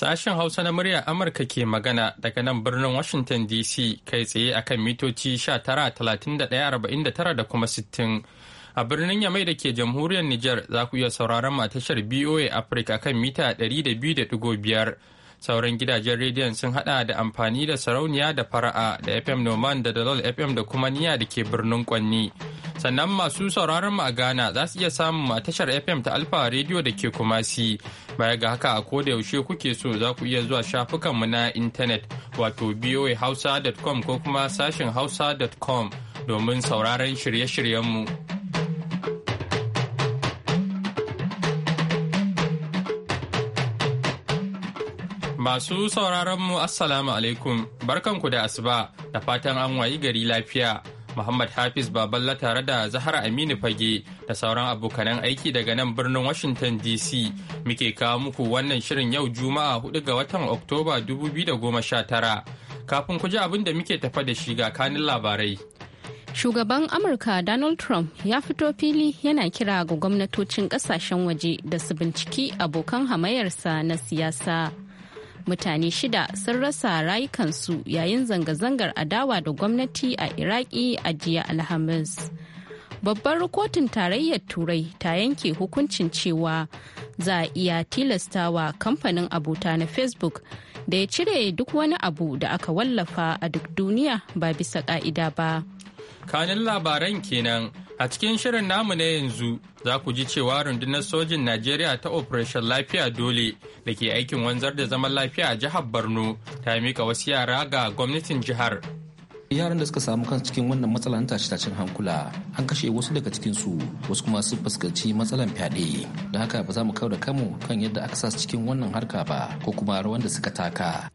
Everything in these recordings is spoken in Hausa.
Sashen Hausa na murya Amurka ke magana daga nan birnin Washington DC kai tsaye akan mitoci 19,31,49 da kuma 60. A birnin Yamai da ke jamhuriyar Nijar za ku iya sauraron tashar BOA Africa kan mita 200.5. Sauran gidajen rediyon sun hada da amfani da sarauniya da fara'a da FM Noman da Dalol FM da kuma niya da ke birnin Kwanni. sannan masu sauraron mu a Ghana za su iya samun a tashar FM ta Alfa Radio da ke Kumasi Baya ga haka a koda yaushe kuke so za ku iya zuwa shafukanmu na intanet wato voahausa.com ko kuma sashin hausa.com domin sauraron shirye-shiryenmu. Masu sauraronmu Assalamu alaikum, barkanku da asuba da fatan an wayi gari lafiya. Muhammad Hafiz Baballa tare da Zahara Aminu Fage da sauran abokanan aiki daga nan birnin Washington DC muke kawo muku wannan shirin yau Juma'a 4 ga watan Oktoba 2019. Kafin ku ji abin da muke tafa da shi ga kanin labarai. Shugaban Amurka Donald Trump ya fito fili yana kira ga gwamnatocin kasashen waje da su binciki abokan hamayarsa na siyasa. mutane shida sun rasa rayukansu yayin zanga-zangar adawa da gwamnati a iraki a jiya alhamis babbar rikotin tarayyar turai ta yanke hukuncin cewa za a iya tilastawa kamfanin abota na facebook da ya cire duk wani abu da aka wallafa a duk duniya ba bisa ka'ida ba kanin labaran kenan A cikin shirin namu na yanzu za ku ji cewa rundunar sojin Najeriya ta Operation Lafiya Dole da ke aikin wanzar da zaman lafiya a jihar Borno ta mika wasu yara ga gwamnatin jihar. yaran da suka samu kansu cikin wannan matsalar tashin hankula an kashe wasu daga cikinsu wasu kuma sun fuskanci matsalar fyaɗe da haka ba za mu kawo da kanmu kan yadda aka sa cikin wannan harka ba ko kuma rawan da suka taka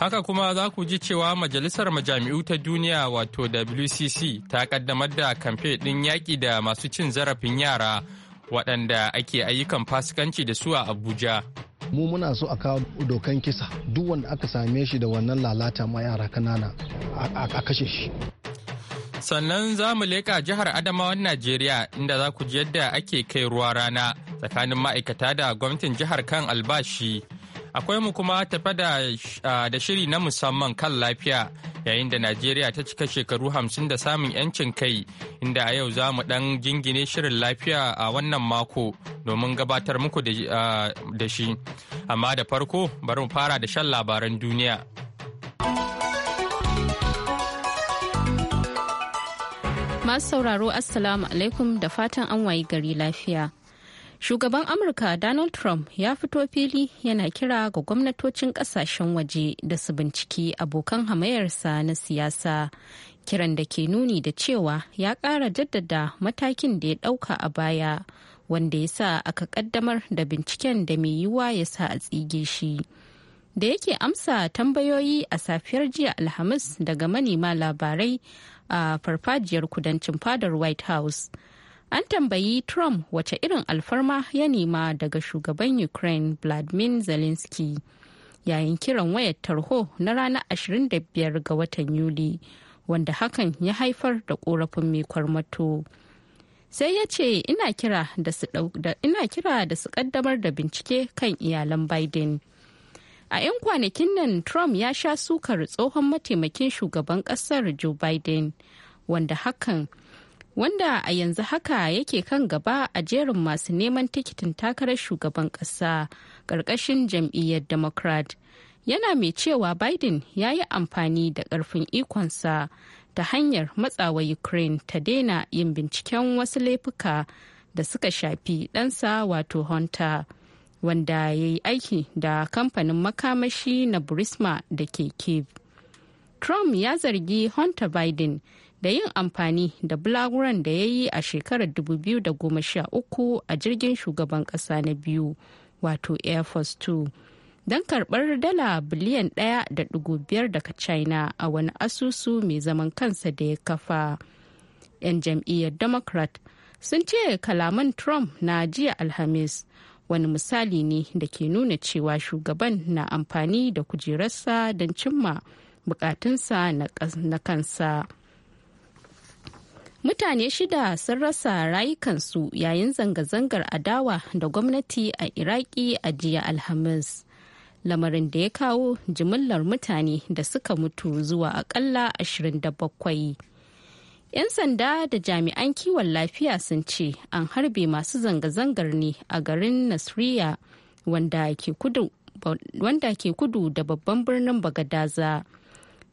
Haka kuma za ku ji cewa Majalisar Majami'u ta Duniya wato WCC ta kaddamar da kamfe ɗin yaƙi da masu cin zarafin yara waɗanda ake ayyukan fasikanci da su a Abuja. mu muna so a kawo dokan kisa duk wanda aka same shi da wannan lalata ma yara kanana a kashe shi sannan za mu leƙa jihar adamawan najeriya inda za ku ji yadda ake kai ruwa rana tsakanin ma'aikata da gwamnatin jihar kan albashi akwai mu kuma tafa da shiri na musamman kan lafiya yayin da najeriya ta cika shekaru hamsin da samun yancin kai inda a yau za mu dan jingine shirin lafiya a wannan mako domin gabatar muku da shi amma da farko bari mu fara da shan labaran duniya masu sauraro assalamu alaikum da fatan an wayi gari lafiya Shugaban Amurka Donald Trump ya fito fili yana kira ga gwamnatocin kasashen waje da su binciki abokan hamayarsa na siyasa. Kiran da ke nuni da cewa ya ƙara jaddada matakin da ya ɗauka a baya wanda ya sa aka ƙaddamar da binciken da mai yiwuwa ya sa a tsige shi. Da yake amsa tambayoyi a safiyar jiya Alhamis daga manema labarai a farfajiyar kudancin fadar White House. An tambayi Trump wace irin alfarma ya nema daga shugaban Ukraine Vladimir Zelensky yayin kiran wayar tarho na ranar 25 ga watan Yuli, wanda hakan ya haifar da korafin mai kwarmato. Sai ya ce ina kira da su kaddamar da bincike kan iyalan Biden. A 'yan kwanakin nan Trump ya sha sukar tsohon mataimakin shugaban kasar Joe Biden, wanda hakan wanda a yanzu haka yake kan gaba a jerin masu neman tikitin takarar shugaban ƙasa ƙarƙashin jam'iyyar democrat yana mai cewa biden ya yi amfani da ƙarfin ikonsa ta hanyar matsawa ukraine ta daina yin binciken wasu laifuka da suka shafi ɗansa wato hunter wanda ya yi aiki da kamfanin makamashi na burisma da ke kiev trump ya zargi hunter biden da yin amfani da bulaguran da ya yi a shekarar 2013 a jirgin shugaban kasa na biyu wato air force 2 don karbar dala biliyan 1.5 daga china a wani asusu mai zaman kansa da ya kafa 'yan jam'iyyar democrat sun ce kalaman trump na jiya alhamis wani misali ne da ke nuna cewa shugaban na amfani da kujerarsa don cimma bukatunsa na kansa. mutane shida sun rasa rayukansu yayin zanga-zangar adawa da gwamnati a iraki a jiya alhamis lamarin da ya kawo jimillar mutane da suka mutu zuwa akalla 27 'yan sanda da jami'an kiwon lafiya sun ce an harbe masu zanga-zangar ne a garin nasriya wanda ke kudu da babban birnin bagadaza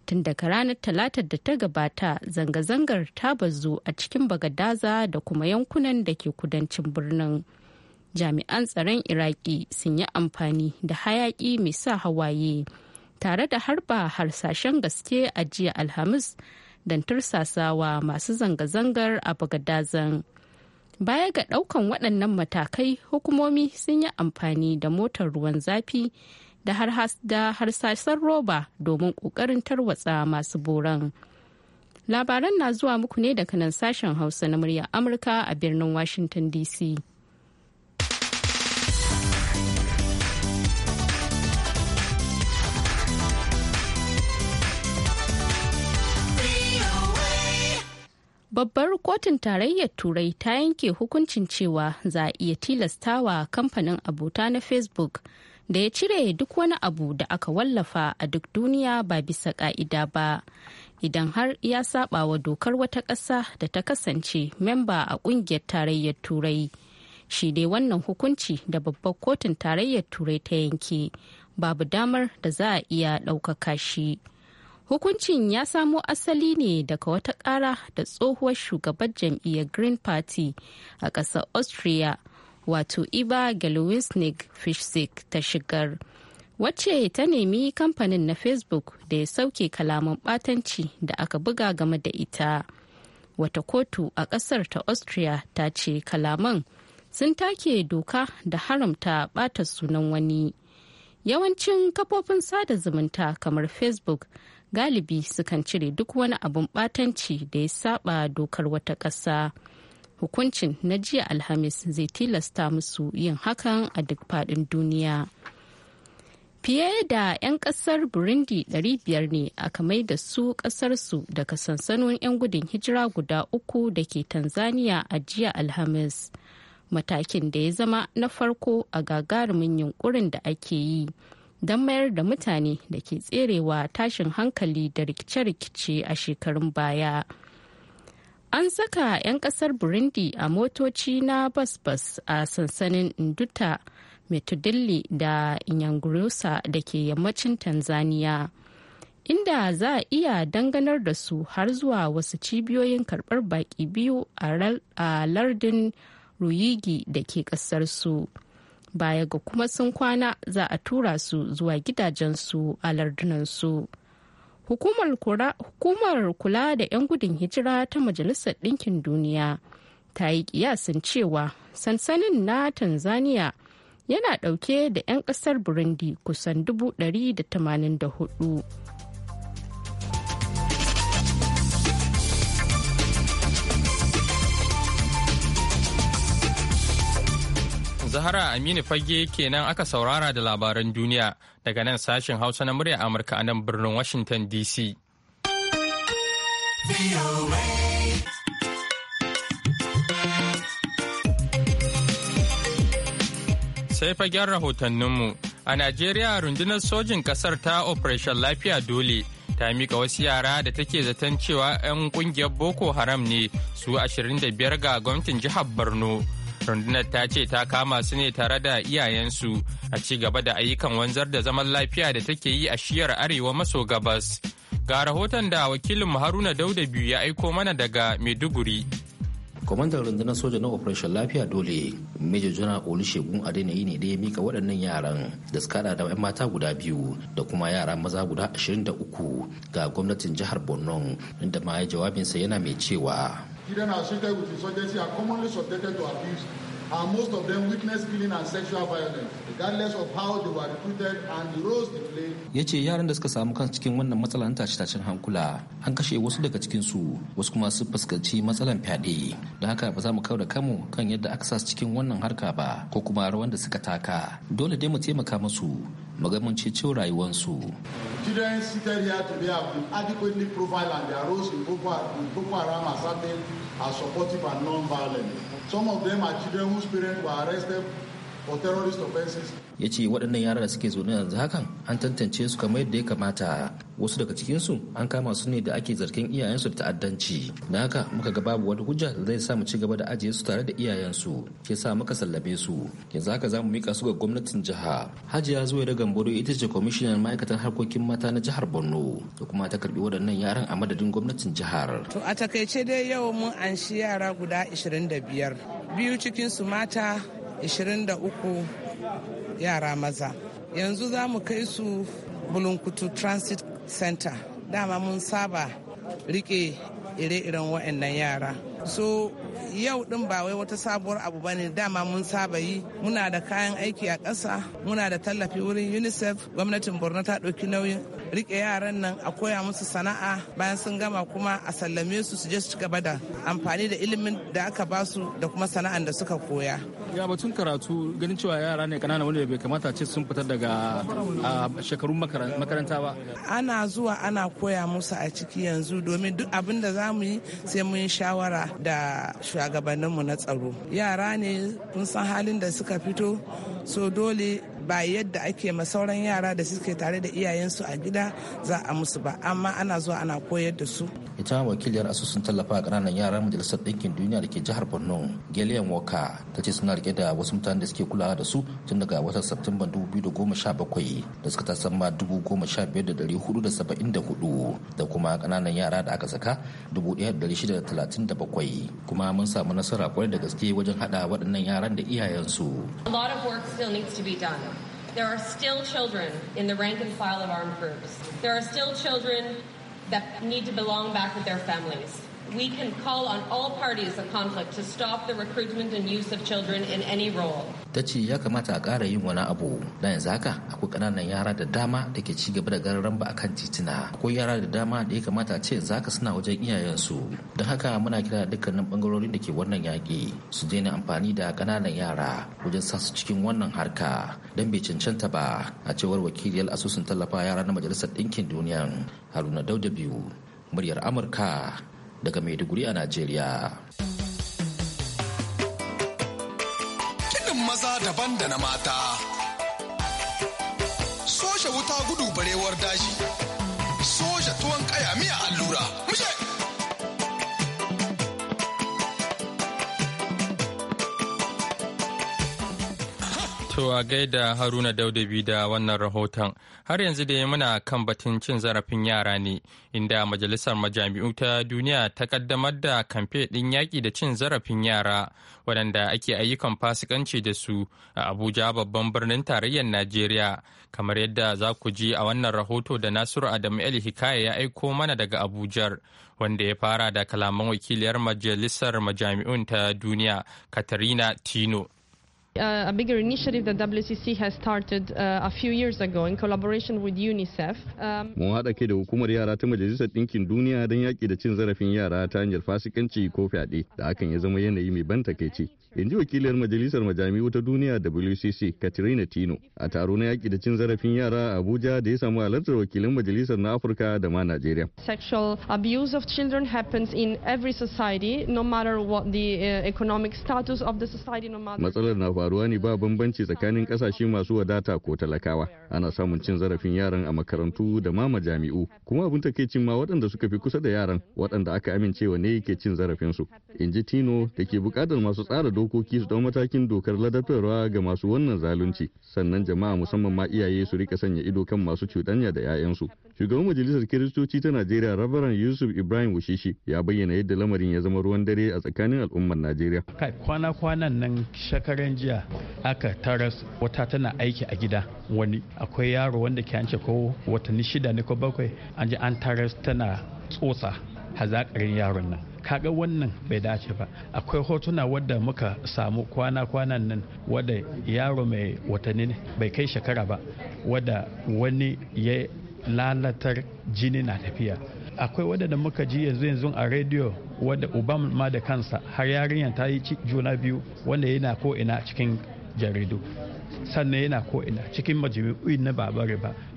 tun daga ranar talatar da ta gabata zanga-zangar ta bazu a cikin bagadaza da kuma yankunan da ke kudancin birnin jami'an tsaron iraki sun yi amfani da hayaki mai sa hawaye tare da harba harsashen gaske a jiya alhamis don tursasawa masu zanga-zangar a bagadazan baya ga daukan waɗannan matakai hukumomi sun yi amfani da motar ruwan zafi da harsashen roba domin ƙoƙarin tarwatsa masu boran. Labaran na zuwa muku ne daga nan sashen Hausa na murya Amurka a birnin Washington DC. babbar kotun tarayyar turai ta yanke hukuncin cewa za a iya tilastawa kamfanin abota na facebook da ya cire duk wani abu da aka wallafa a duk duniya ba bisa ka'ida ba idan har ya saba wa dokar wata ƙasa da ta kasance memba a ƙungiyar tarayyar turai shi dai wannan hukunci da babbar kotun tarayyar turai ta yanke babu damar da za a iya ɗaukaka shi hukuncin ya samo asali ne daga wata ƙara da tsohuwar shugaban jam'iyyar green party a ƙasar austria wato iba galwisnik fishzik ta shigar wacce ta nemi kamfanin na facebook da ya sauke kalaman batanci da aka buga game da ita wata kotu a kasar ta austria ta ce kalaman sun take doka da haramta bata sunan wani yawancin kafofin sada zumunta kamar facebook galibi sukan cire duk wani abun batanci da ya saba dokar wata ƙasa. hukuncin na jiya alhamis zai tilasta musu yin hakan a duk faɗin duniya fiye da 'yan kasar burundi 500 ne aka mai da su kasarsu daga sansanon 'yan gudun hijira guda uku da ke tanzania a jiya alhamis matakin da ya zama na farko a gagarumin yunkurin da ake yi don mayar da mutane da ke tserewa tashin hankali da rikice-rikice a shekarun baya. An saka 'yan kasar Burundi a motoci na bas-bas a sansanin Nduta, Metudilli da Inyangurusa da ke yammacin Tanzania. Inda za a iya danganar da su har zuwa wasu cibiyoyin karɓar baƙi biyu a lardin Ruyigi da ke ƙasarsu Baya ga kuma sun kwana za a tura su zuwa gidajensu a lardunansu. su. Hukumar kula da 'yan gudun hijira ta Majalisar Ɗinkin Duniya ta yi kiyasin cewa sansanin na Tanzania yana ɗauke da 'yan ƙasar Burundi kusan 184. Zahara Aminu Fage kenan aka saurara da labaran duniya daga nan sashen Hausa na murya Amurka a nan birnin Washington DC. Sai fagen rahotanninmu a Najeriya rundunar sojin ƙasar ta Operation Lafiya Dole. ta miƙa wasu yara da take zaton cewa 'yan ƙungiyar boko haram ne su 25 ga gwamnatin jihar borno rundunar ta ce ta kama su ne tare da iyayensu a ci gaba da ayyukan wanzar da zaman lafiya da take yi a shiyar arewa maso gabas ga rahoton da wakilin haruna dauda biyu ya aiko mana daga maiduguri kwamandan rundunar soja na operation lafiya dole major general olusegun yi ne da ya mika waɗannan yaran da suka da 'yan mata guda biyu da kuma yara maza guda 23 ga gwamnatin jihar borno inda ma ya jawabinsa yana mai cewa hidden and secret with insurgency are commonly subjected to abuse and most of them witnessed killing and sexual violence, regardless of how they were recruited and the roles they played. Ya ce yaran da suka samu kansu cikin wannan matsalan tashi hankula an kashe wasu daga cikinsu wasu kuma su fuskanci matsalan fyaɗe. Don haka ba za mu kawo da kanmu kan yadda aka sa su cikin wannan harka ba ko kuma rawan da suka taka. Dole dai mu taimaka musu magaman cecin rayuwansu. Children seated here today have been adequately profiled and their roles in Boko Haram are supportive and non-violent. Some of them are children whose parents were arrested ya ce waɗannan yara da suke zaune yanzu hakan an tantance su kamar yadda ya kamata wasu daga cikinsu an kama su ne da ake zargin iyayensu da ta'addanci da haka muka ga babu wani hujja da zai sa mu ci gaba da ajiye su tare da iyayensu ke sa muka sallame su yanzu haka za mu mika su ga gwamnatin jiha hajiya zuwa da gambodo ita ce kwamishinan ma'aikatan harkokin mata na jihar borno da kuma ta karbi waɗannan yaran a madadin gwamnatin jihar to a takaice dai yau mun anshi yara guda da biyar biyu cikinsu mata 23 yara maza yanzu za mu kai su bulunkutu transit center dama mun saba rike ire-iren waɗannan yara so yau din ba wai wata sabuwar abu ba ne dama mun saba yi muna da kayan aiki a ƙasa muna da tallafi wurin unicef gwamnatin borno ta ɗauki nauyin rike yaran nan a koya musu sana'a bayan sun gama kuma a sallame su su je su gaba da amfani da ilimin da aka ba su da kuma sana'an da suka koya ya batun karatu ganin cewa yara ne kanana wanda bai kamata ce sun fitar daga shekarun makaranta ba ana zuwa ana koya musu a ciki yanzu domin duk abin da za mu yi sai mun yi shawara da shugabanninmu na tsaro yara ne kun san halin da suka fito so dole ba yadda ake ma sauran yara da suke tare da iyayensu a gida za a musu ba amma ana zuwa ana koyar da su ita wakiliyar asusun tallafa ƙananan yara majalisar ɗinkin duniya da ke jihar borno gillian walker ta ce suna rike da wasu mutane da suke kulawa da su tun daga watan Satumba 2017 da suka tasamma 15,474 da kuma ƙananan yara da aka saka 1,637 kuma mun samu nasara kwarai da gaske wajen haɗa waɗannan yaran da iyayensu. A lot of work still needs to be done. There are still children in the rank and file of armed groups. There are still children that need to belong back with their families. we can call on all parties of conflict to stop the recruitment and use of children in any role. Ta ce ya kamata a ƙara yin wani abu na yanzu haka akwai ƙananan yara da dama da ke cigaba da gararan ba akan titina akwai yara da dama da ya kamata ce yanzu haka suna wajen iyayensu don haka muna kira dukkanin bangarorin da ke wannan yaƙi su daina amfani da ƙananan yara wajen sa su cikin wannan harka don bai cancanta ba a cewar wakiliyar asusun tallafa yara na majalisar ɗinkin duniya haruna dauda biyu muryar amurka daga Maiduguri a Najeriya. Kiɗin maza daban da na mata. Soja wuta gudu barewar daji. Soja tuwon kaya miya allura. To a gaida Haruna Daudabi da wannan rahoton har yanzu da muna kan batun cin zarafin yara ne inda Majalisar Majami'u ta Duniya ta kaddamar da kamfe ɗin yaƙi da cin zarafin yara waɗanda ake ayyukan fasikanci da su a Abuja babban birnin tarayyar Najeriya kamar yadda za ku ji a wannan rahoto da Nasiru Adamu El Hikaya ya aiko mana daga abuja wanda ya fara da kalaman wakiliyar Majalisar Majami'un ta Duniya Katarina Tino. Uh, a bigger initiative that WCC has started uh, a few years ago in collaboration with UNICEF. Um, Mun haɗa kai da hukumar yara ta Majalisar Ɗinkin Duniya don yaƙi da cin zarafin yara ta hanyar fasikanci ko fyaɗe da hakan ya zama yanayi mai ban takaici. in ji wakilar majalisar majami'u ta duniya wcc katrina tino a taro na yaƙi da cin zarafin yara a abuja da ya samu halartar wakilin majalisar na afirka da ma najeriya sexual abuse of children happens in every society no matter what the uh, economic status of the society no matter matsalar na faruwa ne ba bambanci tsakanin kasashe masu wadata ko talakawa ana samun cin zarafin yaran a makarantu da ma majami'u kuma abin takeicin ma waɗanda suka fi kusa da yaran waɗanda aka amincewa ne ke cin zarafinsu in ji tino da ke buƙatar masu tsara dokoki su dau matakin dokar ladabtarwa ga masu wannan zalunci sannan jama'a musamman ma iyaye su rika sanya ido kan masu cuɗanya da 'ya'yansu shugaban majalisar kiristoci ta najeriya rabaran yusuf ibrahim wushishi ya bayyana yadda lamarin ya zama ruwan dare a tsakanin al'ummar najeriya kwana-kwanan nan shekaran jiya aka taras wata tana aiki a gida wani akwai yaro wanda ke an ko watanni shida ne ko bakwai an ji an taras tana tsotsa hazaƙarin yaron nan kaga wannan bai dace ba akwai hotuna wadda muka samu kwana-kwanan nan wadda yaro mai watanni bai kai shekara ba wadda wani ya lalatar jini na tafiya akwai waɗanda muka ji yanzu yanzu a rediyo wadda uban ma da kansa har yarinyar ta yi juna biyu wanda yana ko ina cikin jaridu sannan yana ko ina cikin majami'u na ba ba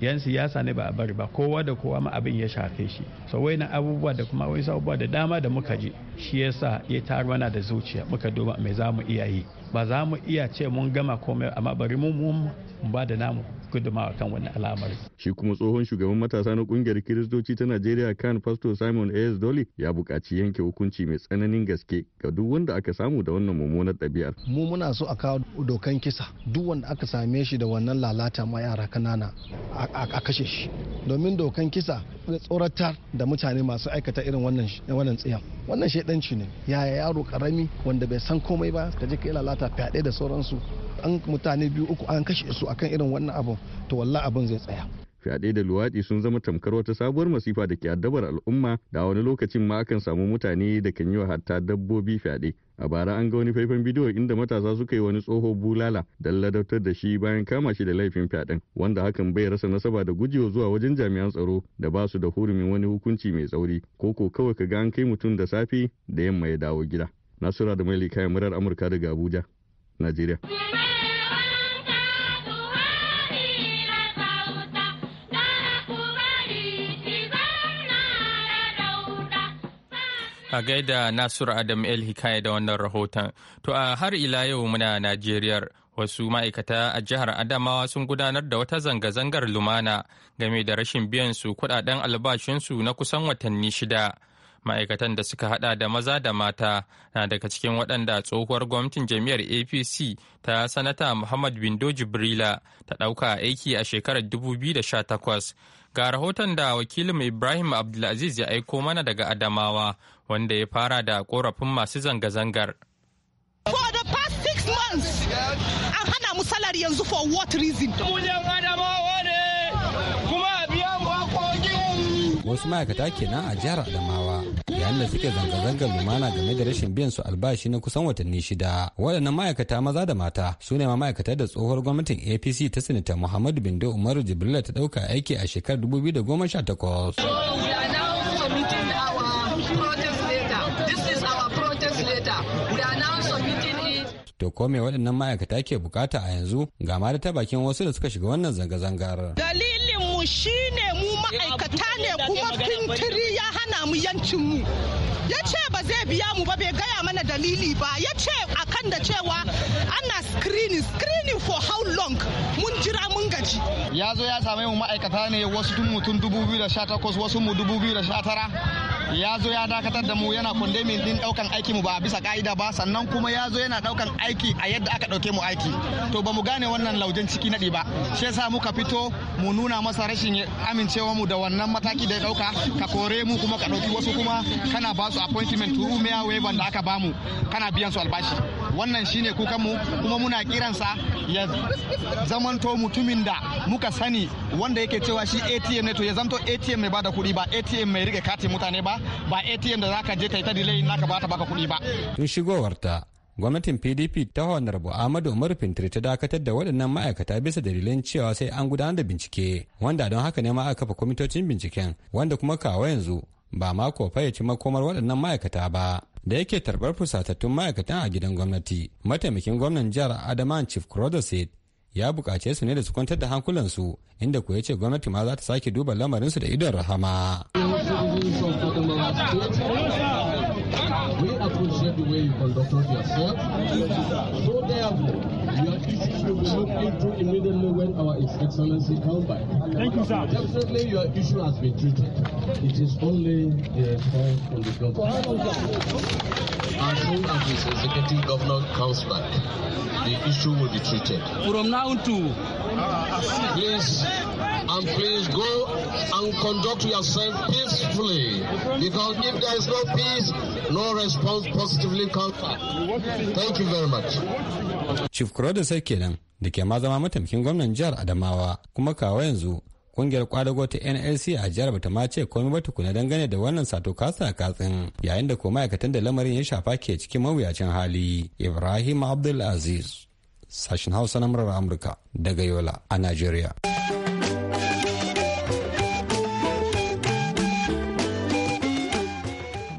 yan siyasa ne ba ba kowa da kowa ma abin ya shafe shi so na abubuwa da kuma wai abubuwa da dama da muka ji shi yasa ya taro mana da zuciya muka duba mai zamu iya yi ba za mu iya ce mun gama komai amma bari mu mu ba da namu gudunmawa kan wani al'amari. Shi kuma tsohon shugaban matasa na kungiyar Kiristoci ta Najeriya kan Pastor Simon A.S. Dolly ya buƙaci yanke hukunci mai tsananin gaske ga duk wanda aka samu da wannan mummunar ɗabi'ar. Mu muna so a kawo dokan kisa duk wanda aka same shi da wannan lalata ma yara kanana a kashe shi. Domin dokan kisa tsoratar da mutane masu aikata irin wannan wannan tsiyan. Wannan shaidanci ne. Yaya yaro karami wanda bai san komai ba ka je ka yi lalata fyaɗe da sauransu. An mutane biyu uku an kashe su akan irin wannan abu to wallahi abin zai tsaya fyaɗe da luwaɗi sun zama tamkar wata sabuwar masifa da ke addabar al'umma da wani lokacin ma akan samu mutane da kan yi wa hatta dabbobi fyaɗe a bara an ga wani faifan bidiyo inda matasa suka yi wani tsoho bulala don ladabtar da shi bayan kama shi da laifin fyaɗen wanda hakan bai rasa nasaba da gujewa zuwa wajen jami'an tsaro da ba su da hurumin wani hukunci mai tsauri ko ko kawai ka ga an kai mutum da safe da yamma ya dawo gida nasura da maili kayan murar amurka daga abuja najeriya A gaida Nasiru Adam El Hikaya da wannan rahoton. To a har ila yau muna Najeriya wasu ma'aikata a jihar Adamawa sun gudanar da wata zanga-zangar lumana game da rashin biyan su kudaden albashinsu na kusan watanni shida. Ma'aikatan da suka hada da maza da mata na daga cikin waɗanda tsohuwar gwamnatin jami'ar APC ta sanata Muhammad Bindo Jibrila ta ɗauka aiki a shekarar 2018. Ga rahoton da wakilin Ibrahim Abdulaziz ya aiko mana daga Adamawa wanda ya fara da korafin masu zanga-zangar. For the past six months, an hana mu salari yanzu for what reason? Adamawa ne, kuma a Wasu ma'aikata kenan a jihar Adamawa yayin da suke zanga-zangar lumana game da rashin biyan su albashi na kusan watanni shida. Waɗannan ma'aikata maza da mata su ne ma'aikata da tsohuwar gwamnatin APC ta Sinita Muhammadu Bindo Umaru Jibrila ta ɗauka aiki a shekarar 2018. to ko me waɗannan ma'aikata ke bukata a yanzu ga ma da ta bakin wasu da suka shiga wannan zanga-zangar dalilin mu ne mu ma'aikata ne kuma fintiri ya hana mu yancin mu ya ce ba zai biya mu ba bai gaya mana dalili ba ya ce akan da cewa ana screening screening for how long mun jira mun gaji ya zo ya same mu ma'aikata ne wasu tun mutum 2018 wasu mu 2019 ya zo ya dakatar da mu yana kondemin din daukan aiki mu ba bisa ka'ida ba sannan kuma ya zo yana daukan aiki a yadda aka dauke mu aiki to ba mu gane wannan laujen ciki nadi ba shi yasa muka fito mu nuna masa rashin amincewa mu da wannan mataki da ya dauka ka kore mu kuma ka dauki wasu kuma kana ba su appointment to umeya waiver da aka ba bamu kana biyan su albashi wannan shine kukanmu kuma muna kiransa ya zamanto mutumin da muka sani wanda yake cewa shi atm ne to ya zamto atm mai bada kuɗi ba atm mai rike katin mutane ba ba atm da zaka je kai ta delay naka ka ta baka kuɗi ba tun shigowarta gwamnatin pdp ta honar bu amadu umaru fintiri ta dakatar da waɗannan ma'aikata bisa dalilan cewa sai an gudanar da bincike wanda don haka ne ma aka kafa kwamitocin binciken wanda kuma kawo yanzu ba mako fayyace makomar waɗannan ma'aikata ba da yake tarbar fusatattun ma'aikatan a gidan gwamnati mataimakin gwamnan jihar adama chief said ya bukace su ne da su kwantar da hankulansu inda ku ya ce gwamnati ma za ta sake duba lamarinsu da idon rahama We immediately when our Excellency comes back. Thank you, sir. Definitely your issue has been treated. It is only the response from the government. As soon as the executive governor comes back, the issue will be treated. From now to. Please, and please go and conduct yourself peacefully. Because if there is no peace, no response positively comes back. Thank you very much. Chief sai kenan da ke ma zama mataimakin gwamnan jihar Adamawa kuma kawo yanzu kungiyar kwadago ta nlc a jihar bata ma ce komai ba tukuna dangane da wannan sato kasa katsin yayin da kuma ma'aikatan da lamarin ya shafa ke cikin mawuyacin hali ibrahim abdul aziz sashen hausa na murar amurka daga yola a nigeria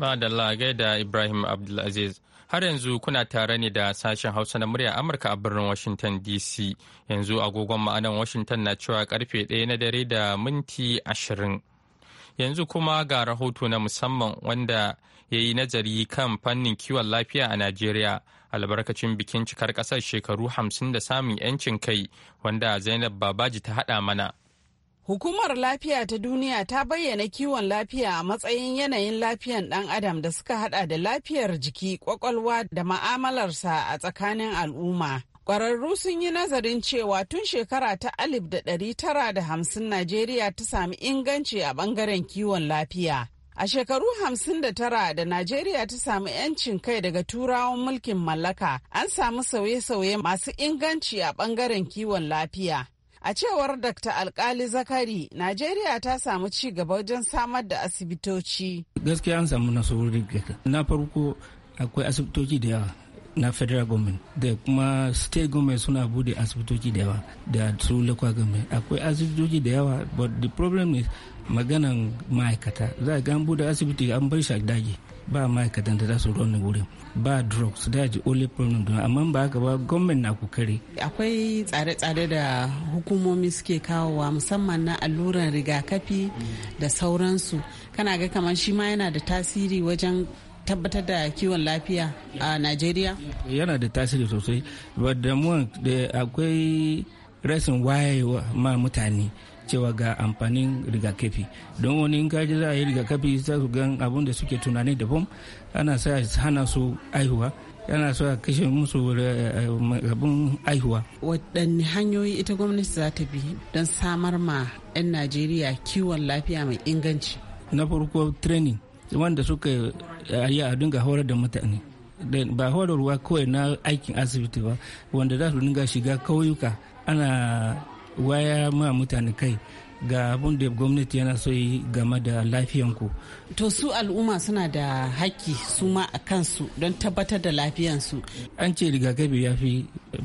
ba da lagai da ibrahim abdulaziz Har yanzu kuna tare ne da sashen Hausa na murya Amurka a birnin Washington DC. Yanzu agogon ma'anan Washington na cewa karfe ɗaya na dare da minti ashirin. Yanzu kuma ga rahoto na musamman wanda ya yi nazari kan fannin kiwon lafiya a Najeriya. Albarkacin bikin cikar kasar shekaru hamsin da samun 'yancin kai wanda Zainab Babaji ta haɗa mana. Hukumar Lafiya ta Duniya ta bayyana kiwon lafiya a matsayin yanayin lafiyan ɗan adam da suka hada da lafiyar jiki, kwakwalwa da ma'amalarsa a tsakanin al'umma. Ƙwararru sun yi nazarin cewa tun shekara ta alif da ɗari tara da hamsin Najeriya ta sami inganci a ɓangaren kiwon lafiya. A shekaru hamsin da tara da Najeriya ta sami 'yancin kai daga turawan mulkin mallaka, an samu sauye-sauye masu inganci a ɓangaren kiwon lafiya. A cewar Dr. Alkali Zakari, Najeriya ta samu ci gaba wajen samar da asibitoci. Gaskiya an samu nasarori Na farko akwai asibitoci da yawa na federal government da kuma state government suna bude asibitoci da yawa da su local government akwai asibitoci da yawa but the problem is maganan ma'aikata za a an bude asibiti an bar shi a daji ba ma'aikatan da za su ronin wurin ba drugs da ji only problem don amma ba haka ba gwamnati na kokari akwai tsare-tsare da hukumomi suke kawowa musamman na alluran rigakafi da sauransu kana ga kamar shi ma yana da tasiri wajen tabbatar da kiwon lafiya a Najeriya? Yana da tasiri sosai, damuwan da akwai rashin wayewa ma mutane cewa ga amfanin rigakafi don wani in kaji za a yi rigakafi za su gan abun da suke tunani da fom ana sa hana su aihuwa yana so a kashe musu eh, eh, abun aihuwa. waɗanne hanyoyi ita gwamnati za ta bi don samar ma 'yan najeriya kiwon lafiya mai inganci na farko training wanda suka eh, yi a dinga horar da mutane ba horarwa kawai na aikin asibiti ba wanda za su dinga shiga kauyuka ana waya ma mutane kai ga abun da gwamnati yana so yi game da lafiyanku. To su al'umma suna da haƙƙi su ma a kansu don tabbatar da lafiyansu. An ce rigakafi ya fi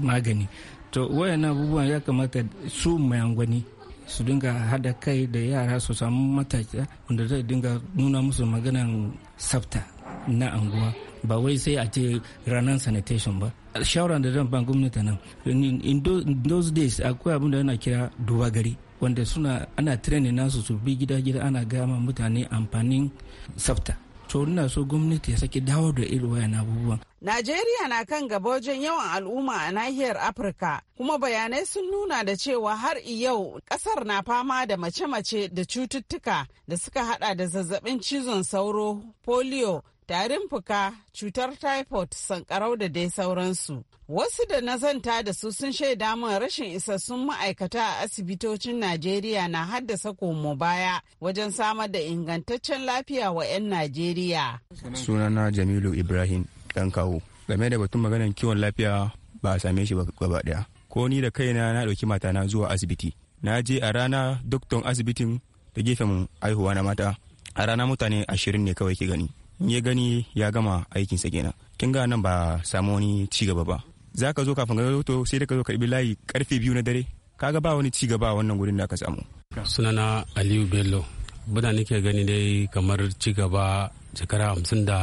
magani. To wayan abubuwan ya kamata su mayangwani su dinga hada kai da yara su samu matasa wanda zai dinga nuna musu maganan safta na anguwa ba wai sai a ce ranar sanitation ba shawara da zan ban gwamnati nan in those days akwai abin da yana kira duba gari wanda suna ana tirani nasu su bi gida gida ana gama mutane amfanin tsafta to ina so gwamnati ya saki dawo da irin wayan abubuwan Najeriya na kan gaba wajen yawan al'umma a nahiyar Afirka, kuma bayanai sun nuna da cewa har yau kasar na fama da mace-mace da cututtuka da suka hada da zazzabin cizon sauro, polio, tarin fuka, cutar typhoid, sankarau da dai sauransu. Wasu da na zanta da su sun shaida min rashin isassun ma'aikata a asibitocin Najeriya na haddasa komo baya wajen samar da ingantaccen lafiya wa 'yan Najeriya. Sunana Jamilu Ibrahim dan kawo. Game da batun maganar kiwon lafiya ba a same shi gaba daya Ko ni da kaina na ɗauki matana zuwa asibiti. Na je a rana doktor asibitin da gefen aihuwa na mata. A rana mutane ashirin ne kawai ke gani. ya gani ya gama aikinsa kenan kin ga nan ba samu wani ci gaba ba za ka zo kafin ka zo sai da ka zo karbi layi karfe biyu na dare kaga ba wani ci gaba wannan gurin da ka samu sunana aliyu bello buna nake gani dai kamar ci gaba shekara hamsin da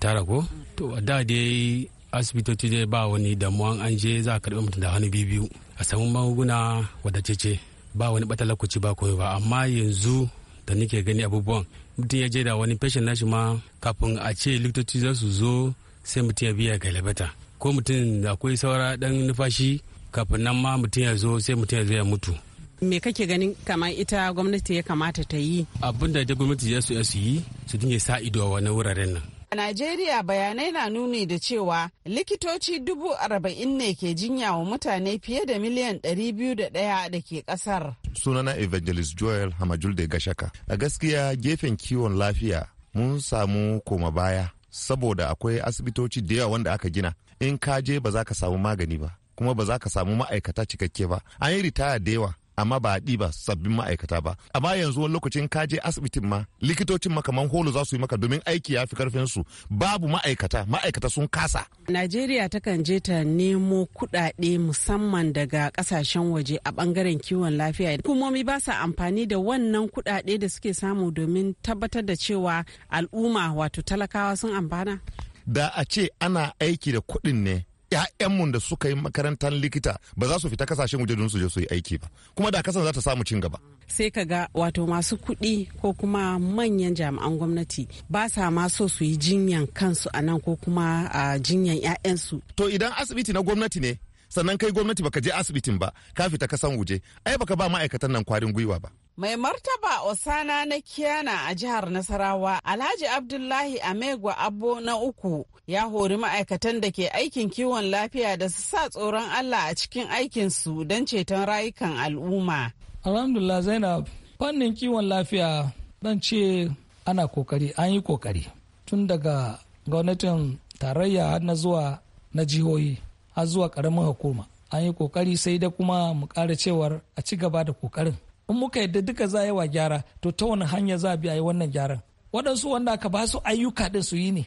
tara ko to da dai asibitoci dai ba wani damuwan an je za a karbi mutum da hannu biyu a samu magunguna wadatacce ba wani batalakuci ba koyo ba amma yanzu da nake gani abubuwan mutum ya je da wani na nashi ma kafin a ce likitoci za su zo sai mutum ya biya galibata ko mutum akwai saura dan nufashi kafin nan ma mutum ya zo sai mutum ya zo ya mutu me kake ganin kamar ita gwamnati ya kamata ta yi abin da ya gwamnati ya su yi su dinga sa ido a wani wuraren nan A Najeriya bayanai na nuni da cewa likitoci dubu arba'in ne ke jinya wa mutane fiye da miliyan ɗari biyu da ɗaya da ke ƙasar. Sunana Evangelist Joel Hamajul de Gashaka. A gaskiya gefen kiwon lafiya mun samu koma baya saboda akwai asibitoci da yawa wanda aka gina. In ka je ba za ka samu magani ba kuma ba za ka samu ma'aikata cikakke ba. An yi ritaya da yawa amma ba a ba sabbin ma'aikata ba amma yanzu wani lokacin ka je asibitin ma likitocin makaman holo za su yi maka domin aiki ya fi karfin su babu ma'aikata ma'aikata sun kasa najeriya takan je ta nemo kuɗaɗe musamman daga kasashen waje a bangaren kiwon lafiya hukumomi ba sa amfani da wannan kuɗaɗe da suke samu domin tabbatar da cewa al'umma wato talakawa sun amfana da a ce ana aiki da kuɗin ne 'ya'yanmu da suka yi makarantar likita ba za su fita kasashen waje don su je su yi aiki ba kuma da kasan za ta samu cin gaba sai ka ga wato masu kuɗi ko kuma manyan jami'an gwamnati ba sa ma so su yi jinyan kansu a nan ko kuma a jinyan 'ya'yansu to idan asibiti na gwamnati ne sannan kai gwamnati baka je asibitin ba ka fita kasan waje ai baka ba ma'aikatan nan kwarin gwiwa ba Mai martaba Osana na Kiana a jihar Nasarawa, Alhaji Abdullahi Amegwa Abbo na uku ya hori ma'aikatan da ke aikin kiwon lafiya da su sa tsoron Allah a cikin aikinsu don ceton rayukan al'umma. Alhamdulillah Zainab, fannin kiwon lafiya zan ce ana kokari, an yi kokari. Tun daga gwamnatin tarayya har na zuwa na jihohi har zuwa ƙaramin hukuma. An yi kokari sai da kuma mu ƙara cewar a ci gaba da kokarin. in muka yadda duka za yi wa gyara to ta wani hanya za a biya yi wannan gyaran waɗansu wanda aka ba su ayyuka ɗin su yi ne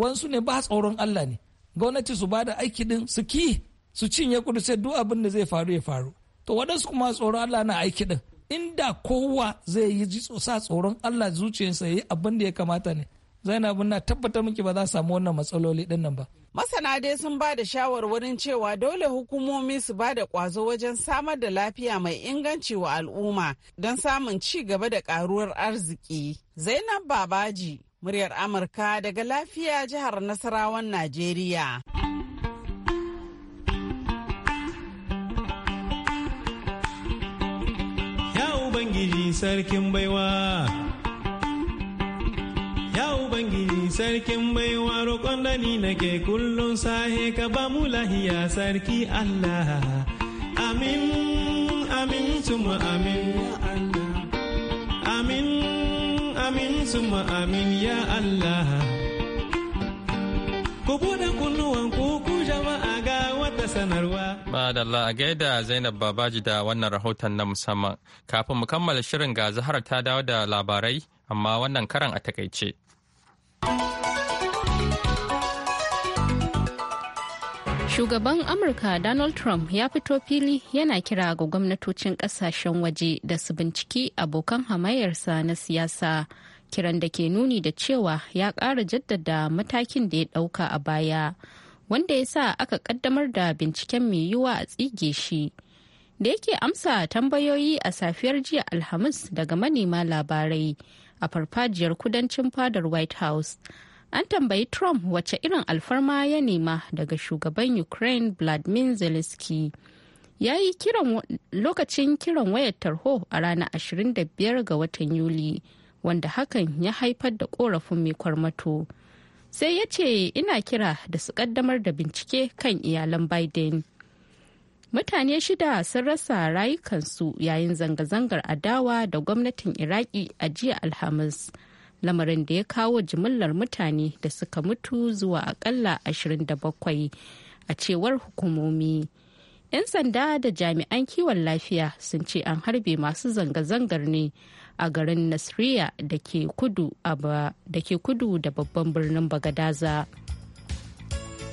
wasu ne ba tsoron Allah ne gwamnati su ba da aiki ɗin su ki su cinye kudu sai duk abin da zai faru ya faru to waɗansu kuma tsoron Allah na aiki ɗin inda kowa zai yi sa tsoron Allah zuciyarsa ya yi abin da ya kamata ne zainabu na tabbatar miki ba za samu wannan matsaloli din nan ba masana dai sun ba da shawarwarin cewa dole hukumomi su ba da kwazo wajen samar da lafiya mai inganci wa al'umma don samun ci gaba da karuwar arziki zainab babaji muryar amurka daga lafiya jihar nasarawan najeriya sarkin baiwa Ubangiji sarkin baiwa roƙon da ni nake kullum sahe ka ba mu lahiya sarki Allah. Amin, amin, suma amin, Allah. Amin, amin, suma amin, ya Allah. Ku buɗe kunnuwan ku ku jama'a ga wata sanarwa. Madalla a gaida Zainab Babaji da wannan rahoton na musamman. Kafin mu kammala shirin ga Zahar ta dawo da labarai, amma wannan karan a takaice. Shugaban Amurka Donald Trump ya fito fili yana kira ga gwamnatocin kasashen waje da su binciki abokan hamayarsa na siyasa kiran da ke nuni da cewa ya ƙara jaddada matakin da ya ɗauka a baya wanda ya sa aka ƙaddamar da binciken mai yiwa a tsige shi. Da yake amsa tambayoyi a safiyar jiya Alhamis daga manema labarai a farfajiyar kudancin fadar white house an tambayi trump wace irin alfarma ya nema daga shugaban ukraine vladimir zelensky ya yi lokacin kiran wayar tarho a ranar 25 ga watan yuli wanda hakan ya haifar da korafin mai kwarmato sai ya ce ina kira da su kaddamar da bincike kan iyalan biden mutane shida sun rasa rayukansu yayin zanga-zangar adawa da gwamnatin iraki a jiya alhamis lamarin da ya kawo jimillar mutane da suka mutu zuwa akalla 27 a cewar hukumomi 'yan sanda da jami'an kiwon lafiya sun ce an harbe masu zanga-zangar ne a garin nasiriya da ke kudu da babban birnin bagadaza.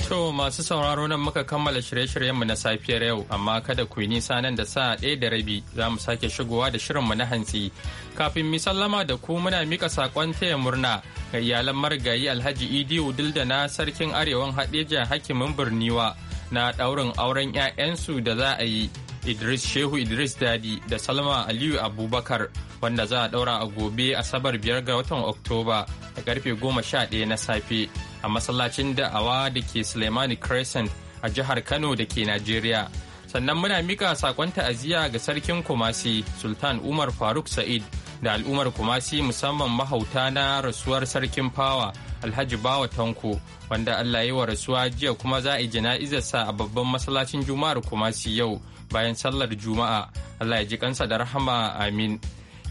To masu sauraro nan muka kammala shirye-shiryenmu na safiyar yau amma kada ku yi nisa nan da sa ɗaya da rabi za mu sake shigowa da shirinmu na hantsi. Kafin mi sallama da ku muna mika saƙon taya murna ga iyalan marigayi Alhaji Idiyu Udil da na sarkin arewan haɗeja Hakimin Birniwa na ɗaurin auren 'ya'yansu da za a yi Idris Shehu Idris Dadi da Salma Aliyu Abubakar wanda za a ɗaura a gobe Asabar biyar ga watan Oktoba a karfe goma sha ɗaya na safe. a masallacin da'awa da ke Suleimani Crescent a jihar Kano da ke Najeriya. Sannan muna mika sakon ta'aziyya ga sarkin Kumasi Sultan Umar Faruk Sa'id da al'umar Kumasi musamman mahauta na rasuwar sarkin Fawa Alhaji Bawa Tanko wanda Allah yi wa rasuwa jiya kuma za a yi jana'izarsa a babban masallacin Juma'ar Kumasi yau bayan sallar Juma'a. Allah ya ji kansa da rahama amin.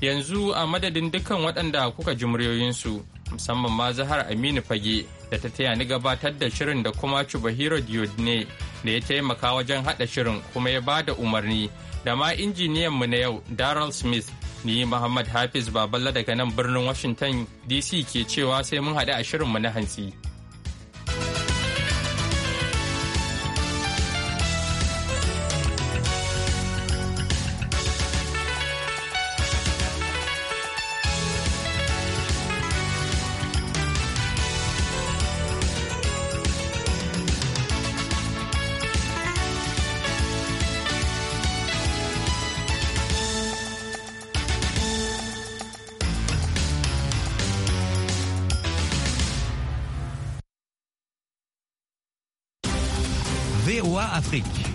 Yanzu a madadin dukkan waɗanda kuka ji muryoyinsu musamman ma Zahar Aminu Fage da ta taya ni gabatar da shirin da kuma Chubahiro Diodne da ya taimaka wajen haɗa shirin kuma ya ba da umarni da ma injiniyan mu na yau Daryl Smith ni Muhammad Hafiz Baballa daga nan birnin Washington DC ke cewa sai mun haɗu a shirin mu na hantsi.